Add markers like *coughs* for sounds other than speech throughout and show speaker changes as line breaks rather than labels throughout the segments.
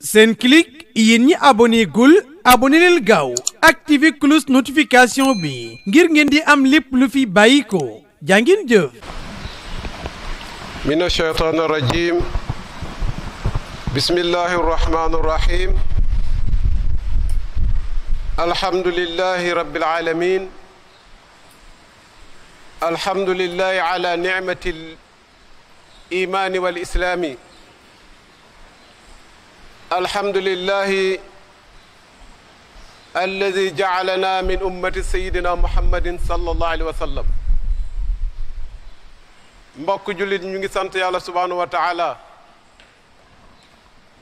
Senclic yéen ñi abonné gul abonné leen gaaw activé cloche notification bi ngir ngeen di am lépp lu fi bàyyi ko jàngin jëf min ashaytaan arrajim bismillahi arrahmaan arrahim alhamdulillahi rabbil alamin alhamdulillahi ala nicmati al imaani wal islaami الحمد لله الذي جعلنا من أمة سيدنا محمد صلى الله عليه وسلم ñu ngi sant yàlla subhaanahu wa taala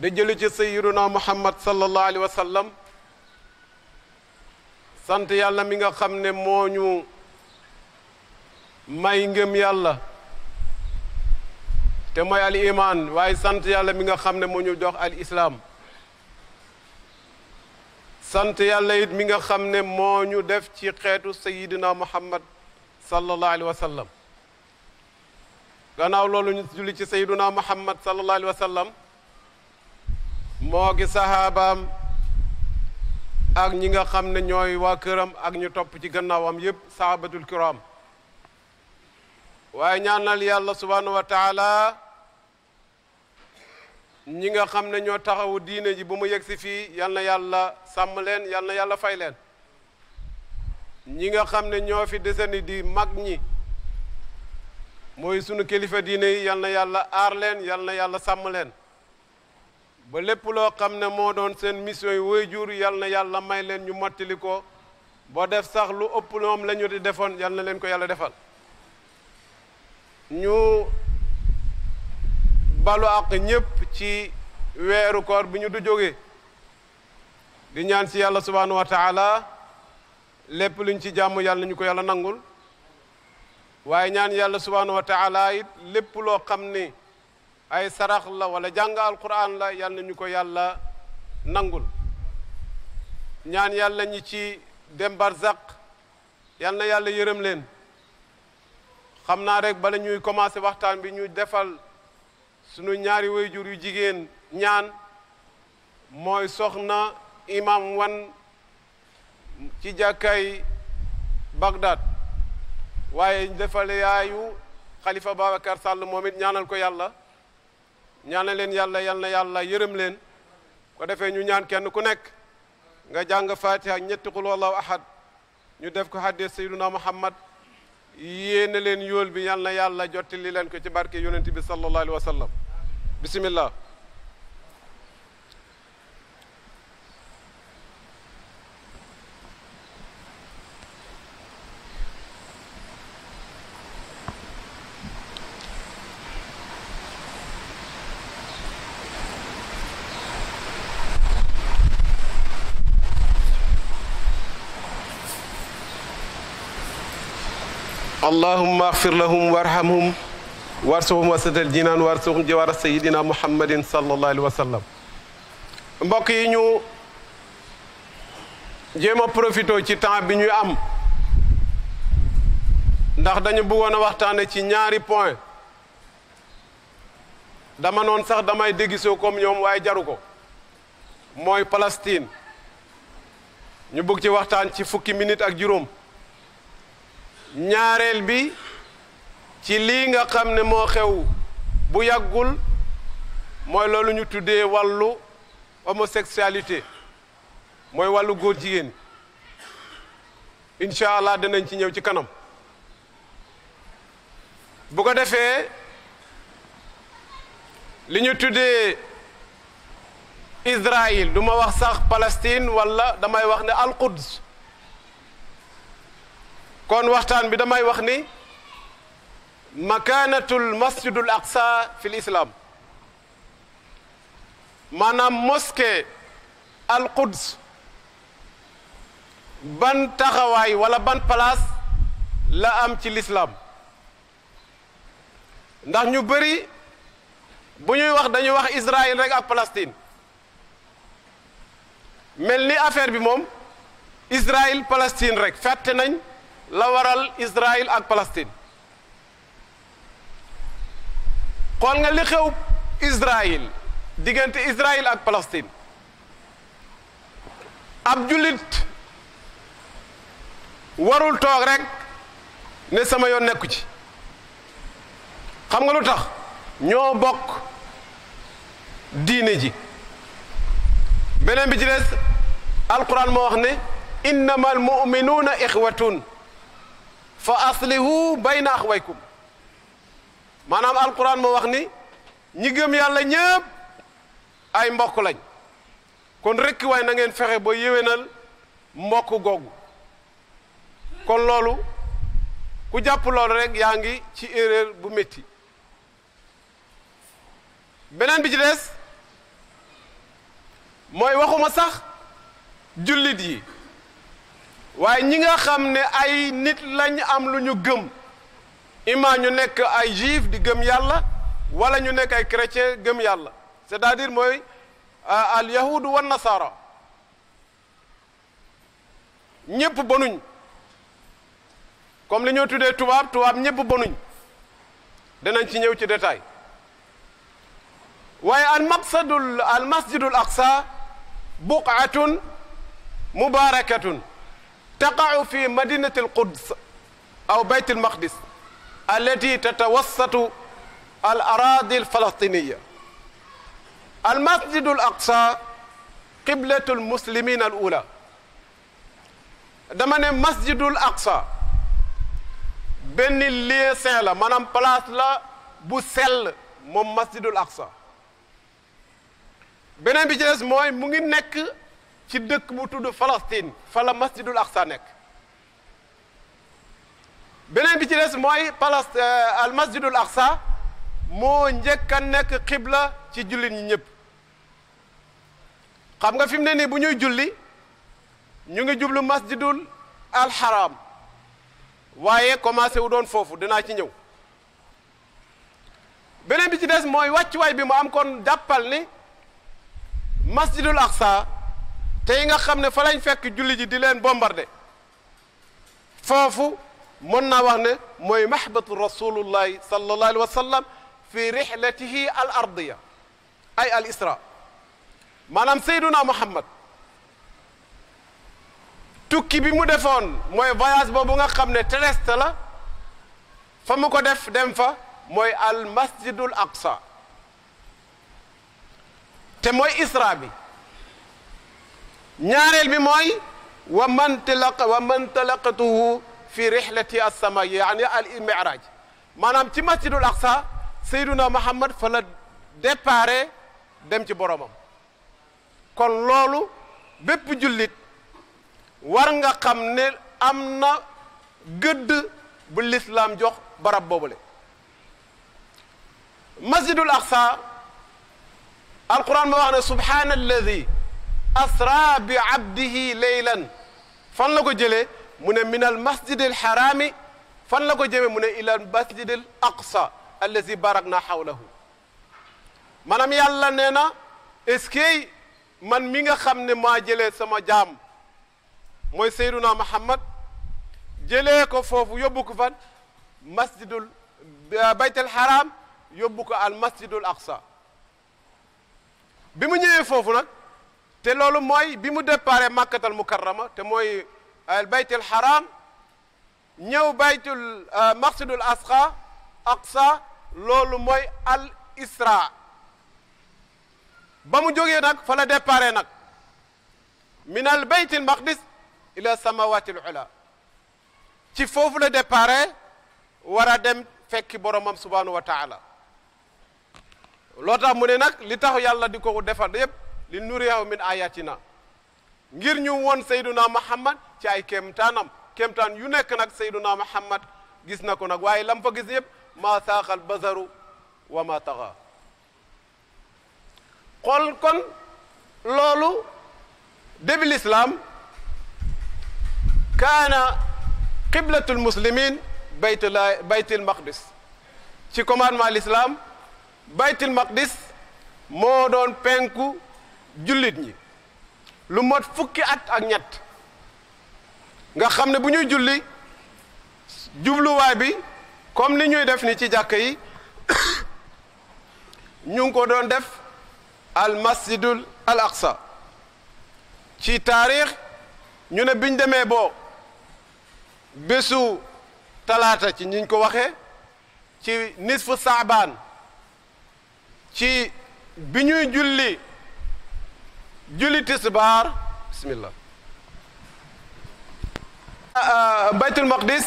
da jëli ci sayyiduna muhammad sallallahu wa sallam sant yàlla mi nga xam ne moo ñu may ngëm yàlla te mooy al iman waaye sant yàlla mi nga xam ne moo ñu jox al islaam sant yàlla it mi nga xam ne moo ñu def ci xeetu seyidina muhammad sallallahu alayhi wa gannaaw loolu ñu julli ci sayidina muhammad sallallahu alayhi wa sallam moo gi sahaabaam ak ñi nga xam ne ñooy waa këram ak ñu topp ci gannaawam yépp sahabatul kiram waaye ñaanal yàlla subhaanahu wa taala ñi nga xam ne ñoo taxawu diine ji bu mu yegg si fii yal na yàlla sàmm leen yal na yàlla fay leen ñi nga xam ne ñoo fi deseni di mag ñi mooy sunu kilifa diine yi yal na yàlla aar leen yal na yàlla sàmm leen ba lépp loo xam ne moo doon seen mission yi waajur yal na yàlla may leen ñu mottali ko boo def sax lu ëpp moom la ñu di defoon yal na leen ko yàlla defal ñu balu àq ñépp ci weeru koor bi ñu du jóge di ñaan si yàlla subhaanahu wa taala lépp luñ ci jàmm yàlla ñu ko yàlla nangul waaye ñaan yàlla subhaanahu wa taala it lépp loo xam ni ay sarax la walla jàng alquran la yàlla ñu ko yàlla nangul ñaan yàlla ñi ci dem barzaq yàlla na yàlla yërëm leen xam naa rek bala ñuy commencé waxtaan bi ñu defal sunu ñaari wayjur yu jigéen ñaan mooy soxna imam wan ci jàkkaay Bagdad waaye defal yaayu xalifa Babacar Sall moom it ñaanal ko yàlla ñaanal leen yàlla yal yàlla yërëm leen ko defee ñu ñaan kenn ku nekk nga jàng fatiha ñetti qul wallahu ahad ñu def ko hadis sayyiduna muhammad yéene leen yool bi yal na yàlla jottali leen ko ci barke yonent bi sallallahu alayhi wa sallam bismillah allahumma axfir lahum warhamhum warsuhum wasatal jinaan warsuhum jawaara sayidina muhammadin sallallahu alayhi wa sallam mbokk yi ñu jéem a profité ci temps bi ñuy am ndax dañu bëggoon a waxtaane ci ñaari point dama noon sax damay dégisoo comme ñoom waaye jaru ko mooy Palestine ñu bëgg ci waxtaan ci fukki minit ak juróom ñaareel bi ci lii nga xam ne moo xew bu yàggul mooy loolu ñu tuddee wàllu homosexualité mooy wàllu góor jigéen incha allah danañ ci ñëw ci kanam bu ko defee li ñu tuddee Israël du ma wax sax Palestine wala damay wax ne al-Quds kon waxtaan bi damay wax ni makaanatul masjidul aqsa fil islam maanaam moske al quds ban taxawaay wala ban place la am ci lislaam ndax ñu bëri bu ñuy wax dañuy wax Israël rek ak Palestine mel ni affaire bi moom Israël Palestine rek fàtte nañ la waral Israël ak Palestine xool nga li xew Israël diggante Israël ak Palestine ab jullit warul toog rekk ne sama yoon nekku ci xam nga lu tax ñoo bokk diine ji beneen bi ci des alquran moo wax ne innama almuminuuna ixwatun fa aslihu bayna axwaykum maanaam alquran moo wax ni ñi gëm yàlla ñëpp ay mbokk lañ kon rekk waay na ngeen fexe ba yéwénal mbokk googu kon loolu ku jàpp loolu rekk yaa ngi ci erreur bu metti beneen bi ci des mooy waxuma sax jullit yi waaye ñi nga xam ne ay nit lañu am lu ñu gëm ima ñu nekk ay juif di gëm yàlla wala ñu nekk ay chrétien gëm yàlla c'est-à-dire mooy al yahud wa nasara ñépp bënuñ comme li ñoo tuddee tubaab tubaab ñépp bonuñ danañ ci ñëw ci détail waaye al maqsadul al masjidul aqsa buqatun mubarakatun taqa'u fi madinati alquds aw bayt almaqdis allati tatawassatu al aradi alfalastiniya almasjidu al aqsa qiblatu almuslimina al ula dama ne masjidul aqsa benn lieu saint la maanaam place la bu sell moom masjidul aqsa beneen bi ci des mooy mu ngi nekk ci dëkk bu tudd Palestine fa la masjidul Aqsa nekk beneen bi ci des mooy palas euh, al masjidul Aqsa moo njëkk a nekk xibla ci jullit ñi ñëpp xam nga fi mu ne nii bu ñuy julli ñu ngi jublu masjidul al haram waaye commencé wu doon foofu dinaa ci ñëw beneen bi ci des mooy wàccuwaay bi mu am kon jàppal ni masjidul Aqsa te yi nga xam ne fa lañ fekk julli ji di leen bombardé foofu mën na wax ne mooy mahbatu rasulullahi sallallahu alayhi wa sallam fi rihlatihi al ardiya ay al isra maanaam sayduna muhammad tukki bi mu defoon mooy voyage boobu nga xam ne terrestre la fa mu ko def dem fa mooy al masjidul te mooy isra bi ñaareel bi mooy wa man talaqa wa fi rihlati as-sama yaani al mi'raj maanaam ci masjidul aqsa sayduna muhammad fa la déparé dem ci boromam kon loolu bépp jullit war nga xam ne am na gëdd bu lislaam jox barab boobule masjidul aqsa alquran ma wax ne subhaana asra bi abdihi leylan fan la ko jëlee mu ne min al masjid al xaraami fan la ko jëmee mu ne ila al masjid al aqsa allazi barakna xawlahu maanaam yàlla nee na est man mi nga xam ne maa jëlee sama jaam mooy seyduna muhammad jëlee ko foofu yóbbu ko fan masjidul euh, baytal haram yóbbu ko al masjidul aqsa bi mu ñëwee foofu te loolu mooy bi mu dépare màkkatal mukarrama te mooy euh, baytul haram ñëw baytul euh, maqsidul asqa aqsa loolu mooy al isra ba mu jógee nag fa la dépare nag min al baytil maqdis ila samawatil ula ci foofu la dépare war a dem fekk boromam subhanahu wa taala loo tax mu ne nag li tax yàlla di ko defal yépp li nuriyahu min ayatina ngir ñu won sayduna muhammad ci ay kéemtaanam yu nekk nak sayduna muhammad gis na ko nag waaye lam fa gis yëpp maa saaxal basaru wa ma taxa xool kon loolu début l'islam kaana qiblatul muslimin baytula baytil maqdis ci commandement l'islam baytil maqdis moo doon penku jullit ñi lu mot fukki at ak ñett nga xam ne bu ñuy julli jubluwaay bi comme ni ñuy def ni ci jàkk yi *coughs* ñu ngi ko doon def al masjidul al aqsa ci taarix ñu ne biñ demee boo bésu talaata ci ñiñ ko waxee ci nisfu saabaan ci bi ñuy julli julli tisbaar bismillah ah, ah, baytul maqdis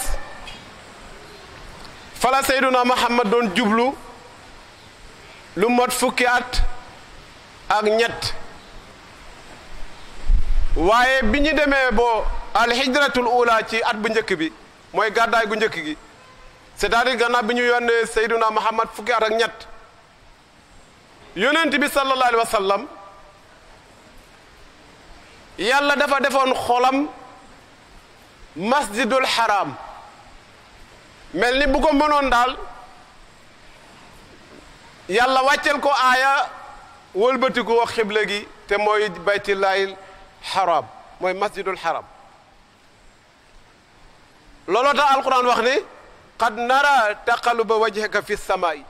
fala seyduna muhammad doon jublu lu mot fukki at ak ñett waaye bi ñu demee boo alhijratul ula ci at bu njëkk bi mooy gàddaay gu njëkk gi c'est-à-dire gannaaw bi ñu yónnee seyduna muhammad fukki at ak ñett yonent bi sallallahu alayhi wa sallam yàlla dafa defoon xolam masjidul xaraam mel ni bu ko mënoon daal yàlla wàccel ko aaya wëlbati ko xibla gi te mooy baytillaahil xaraam mooy masjidul xaraam looloo tax alquran wax ni qad nara taqaluba wajhaka fi samaai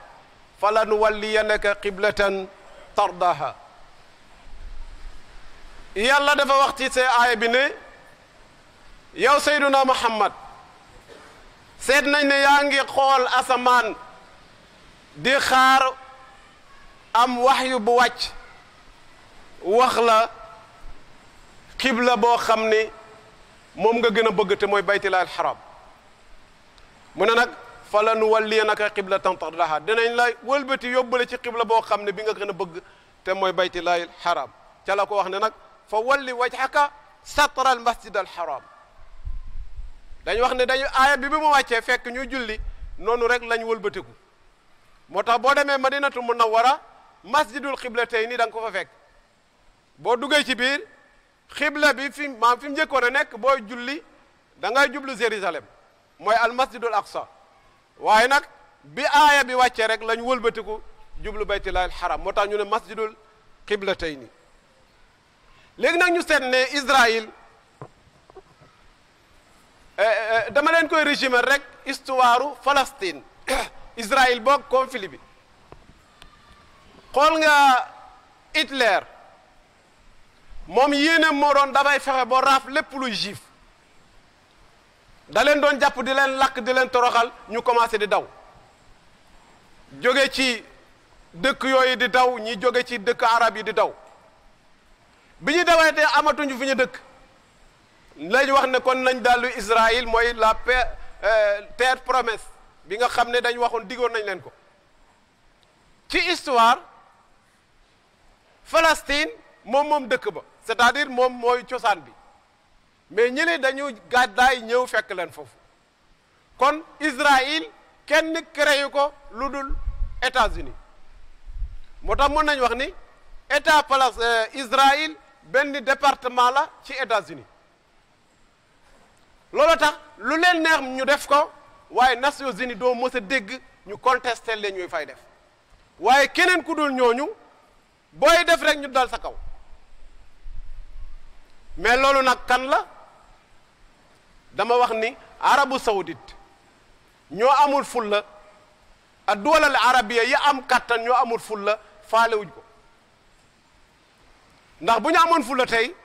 fa lanuwalliyannaka qiblatan tardaha yàlla dafa wax ci see aaya bi ne yow sayduna muhammad seet nañ ne yaa ngi xool asamaan di xaar am waxyu bu wàcc wax la kibla boo xam ni moom nga gën a bëgg te mooy baytilaal xaram mu ne nag fa la nu walliyanaka qiblatan tardaha dinañ la wëlbati yóbbale ci xibla boo xam ne bi nga gën a bëgg te mooy baytilaal xaram ca la ko wax ne nag fa walli wajhaka satral masjid al haram dañ wax ne dañu aaya bi bi mu wàccee fekk ñu julli noonu rek lañ wëlbatiku moo tax boo demee madinatu munawwara masjidul qiblatayni da nga ko fa fekk boo dugee ci biir xibla bi fi maam fi mu njëkkoon a nekk boo julli da ngay jublu Jérusalem mooy al masjidul aqsa waaye nag bi aaya bi wàccee rek lañ wëlbatiku jublu baytillahi al haram moo tax ñu ne masjidul qiblatayni léegi nag ñu seet ne Israël eh, eh, dama leen koy régimer rek histoire Palestine *coughs* Israël boog conflit bi xool nga Hitler moom yéene moo doon dafay fexe boo raaf lépp luy juif da leen doon jàpp di leen lakk di leen toroxal ñu commencé di daw jóge ci dëkk yooyu di daw ñi jóge ci dëkk arab yi di daw bi ñu dawatee amatuñu fi ñu dëkk lañ wax ne kon nañ dallu Israël mooy la paix euh, terre promes bi nga xam ne dañ waxoon diggoon nañ leen ko ci histoire Palestine moom moom dëkk ba c'est-à-dire moom mooy cosaan bi mais ñi dañu gàddaay ñëw fekk leen foofu kon Israël kenn créé ko lu dul États-Unis moo tax mën nañ wax ni état place euh, Israël benn département la ci États-Unis loolu tax lu leen neex ñu def ko waaye Nations Unies doo mës dégg ñu contester leen ñuy fay def waaye keneen ku dul ñooñu booy def rek ñu dal sa kaw mais loolu nag kan la dama wax ni arabu saoudite ñoo amul fulla ak duwalal arabiya yi am kàttan ñoo amul fulla faalewuñ ko ndax bu ñu amoon fulla tey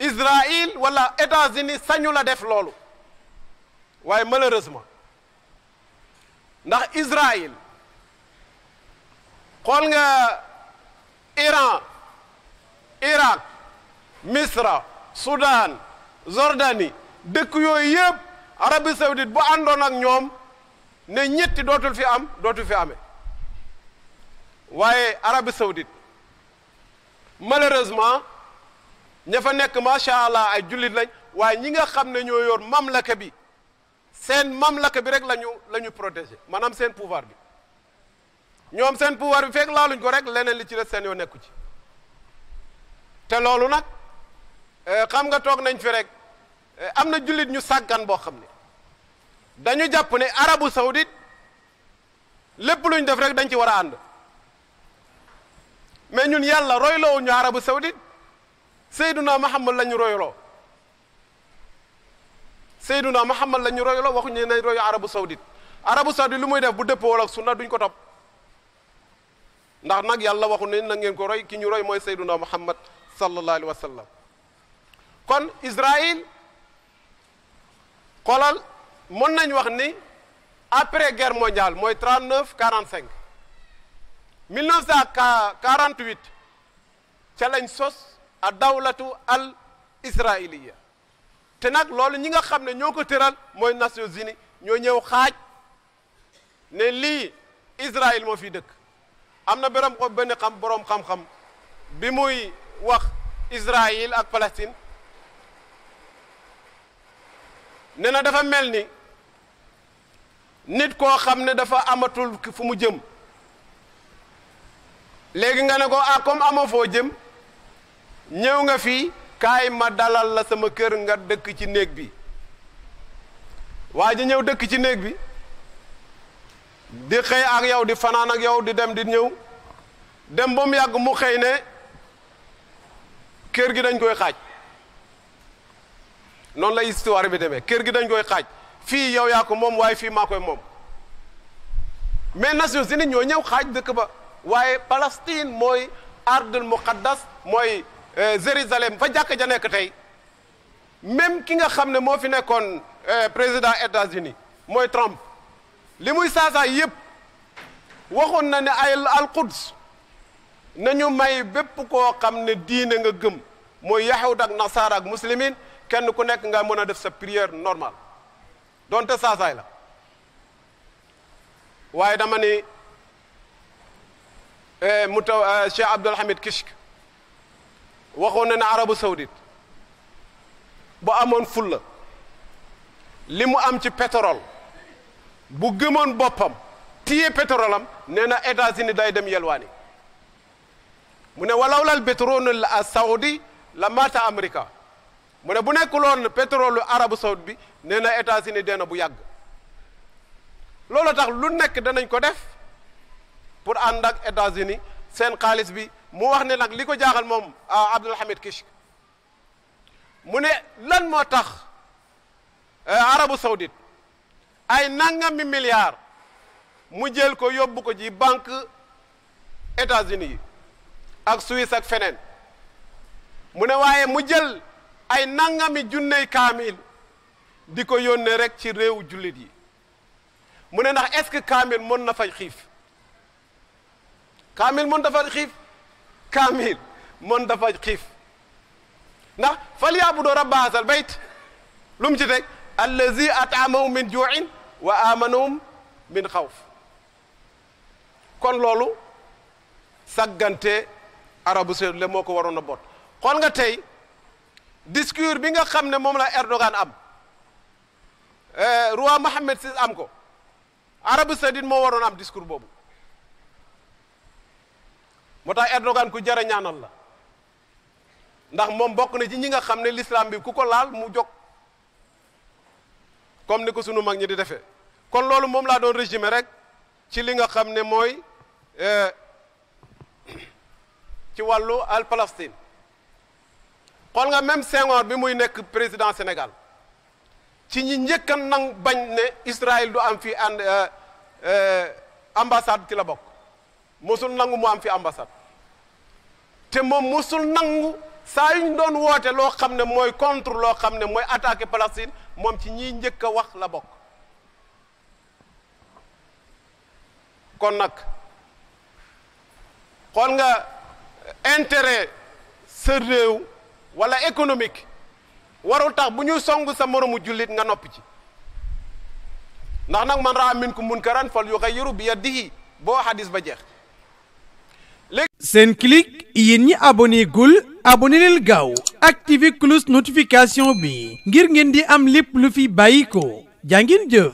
Israël wala États-Unis sañu la def loolu waaye malheureusement ndax Israël xool nga Iran Irak Misra Soudan Jordanie dëkk yooyu yëpp Arabie Saoudite bu àndoon ak ñoom ne ñetti dootul fi am dootul fi ame waaye Arabie sawdit malheureusement ña fa nekk macha allah ay jullit lañ waaye ñi nga xam ne ñoo mam mamlaka bi seen mam mamlaka bi rek la ñu la ñu protéger maanaam seen pouvoir bi ñoom seen pouvoir bi fekk laaluñ ko rek leneen li ci des seen yoo nekku ci te loolu nag eh, xam nga toog nañ fi rek eh, am na jullit ñu sàggan boo xam ne dañu jàpp ne arabu saoudite lépp luñ def rek dañ ci war a ànd mais ñun yàlla royloowu ñu arabu saoudite sayduna muhammad la ñu royloo sayduna muhammad la ñu royloo waxuñu ne royu arabu saoudite arabu saoudite lu muy def bu dëppoo ak sunna duñ ko topp ndax nag yàlla waxu ne na ngeen ko roy ki ñu roy mooy sayduna muhammad sallallahu alayhi wa sallam kon israël xoolal mën nañ wax ni après guerre mondiale mooy 39 45 1948 ca lañ sos a dawlatu al israiliya te nag loolu ñi nga xam ne ñoo ko tëral mooy Nations Unies ñoo ñëw xaaj ne lii Israël moo fi dëkk am na borom ko benn xam boroom xam-xam bi muy wax Israël ak Palestine ne na dafa mel ni nit koo xam ne dafa amatul fu mu jëm léegi nga ne ko ah comme amoo foo jëm ñëw nga fii kaay ma dalal la sama kër nga dëkk ci néeg bi waa ji ñëw dëkk ci néeg bi di xëy ak yow di fanaan ak yow di dem di ñëw dem ba mu mu xëy ne kër gi dañ koy xaaj noonu la histoire bi demee kër gi dañ koy xaaj fii yow yaa ko moom waaye fii maa koy moom mais Nations Unies ñoo ñëw xaaj dëkk ba waaye Palestine mooy ardul muqaddas mooy euh, Jérusalem fa jàkk ja nekk tey même ki nga xam ne moo fi nekkoon euh, président États-Unis mooy Trump li muy saasaay yëpp waxoon na ne ay al-Quds nañu may bépp ko xam ne diine nga gëm mooy yahud ak nasaara ak muslimin kenn ku nekk nga mën a def sa prière normale donte saasaay la waaye dama ni Eh, mu taw eh, Cheikh Abdoul Hamid Kishk waxoon na ne arabu saoudite bu amoon fulla li mu am ci pétrole bu gëmoon boppam tiye pétrole am nee na états day dem yelwaani mu ne walawlal pétrole la saoudi la mata américa mu ne bu nekkuloon pétrole arabu saoudi bi nee na États-Unis dee na bu yàgg loolu tax lu nekk danañ ko def pour ànd ak États-Unis seen xaalis bi mu wax ne nag li ko jaaxal moom ah, Abdul Hamid Kishk mu ne lan moo tax eh, Arabu Saoudite ay nangami milliards mu jël ko yóbbu ko ci banque États-Unis ak Suisse ak feneen mu ne waaye mu jël ay nangami junney kaamil di ko yónnee rek ci réew jullit yi mu ne nax est-ce que kaamil mën na faj xiif kaamil mën dafa xiif kaamil mën dafa xiif ndax fal yaabudu rabba haasal bayt lu mu ci teg allazi atamahum min juuin wa amanahum min xawf kon loolu saggante arabu saudi la moo ko waroon a boot xool nga tey discours bi nga xam ne moom la Erdogan am eh, roi Mohammed VI am ko arabu saudi moo waroon am discours boobu moo tax Erdogan ku jara ñaanal la ndax moom bokk na ci ñi nga xam ne l'islam bi ku ko laal mu jog comme ni ko sunu mag ñi di defee kon loolu moom laa doon résumé rek ci li nga xam ne mooy euh, ci wàllu al Palestine xool nga même Senghor bi muy nekk président Sénégal ci ñi njëkk a nang bañ ne Israël du am fi and euh, euh, ambassade ci la bokk mosul nangu mu am fi ambassade te moom musul nangu saa yuñ doon woote loo xam ne mooy contre loo xam ne mooy attaqué Palestine moom ci ñiy njëkk a wax la bokk kon nag xool nga euh, intérêt sa réew wala économique warul tax bu ñuy song sa moroomu jullit nga noppi ci ndax nag man raa minkum munkaran fal yughayyiru bi yadihi boo xadis ba jeex seen Senclic yéen ñi abonné gul abonné leen gaaw activé cloche notification bi ngir ngeen di am lépp lu fi bàyyi ko jaa ngeen jëf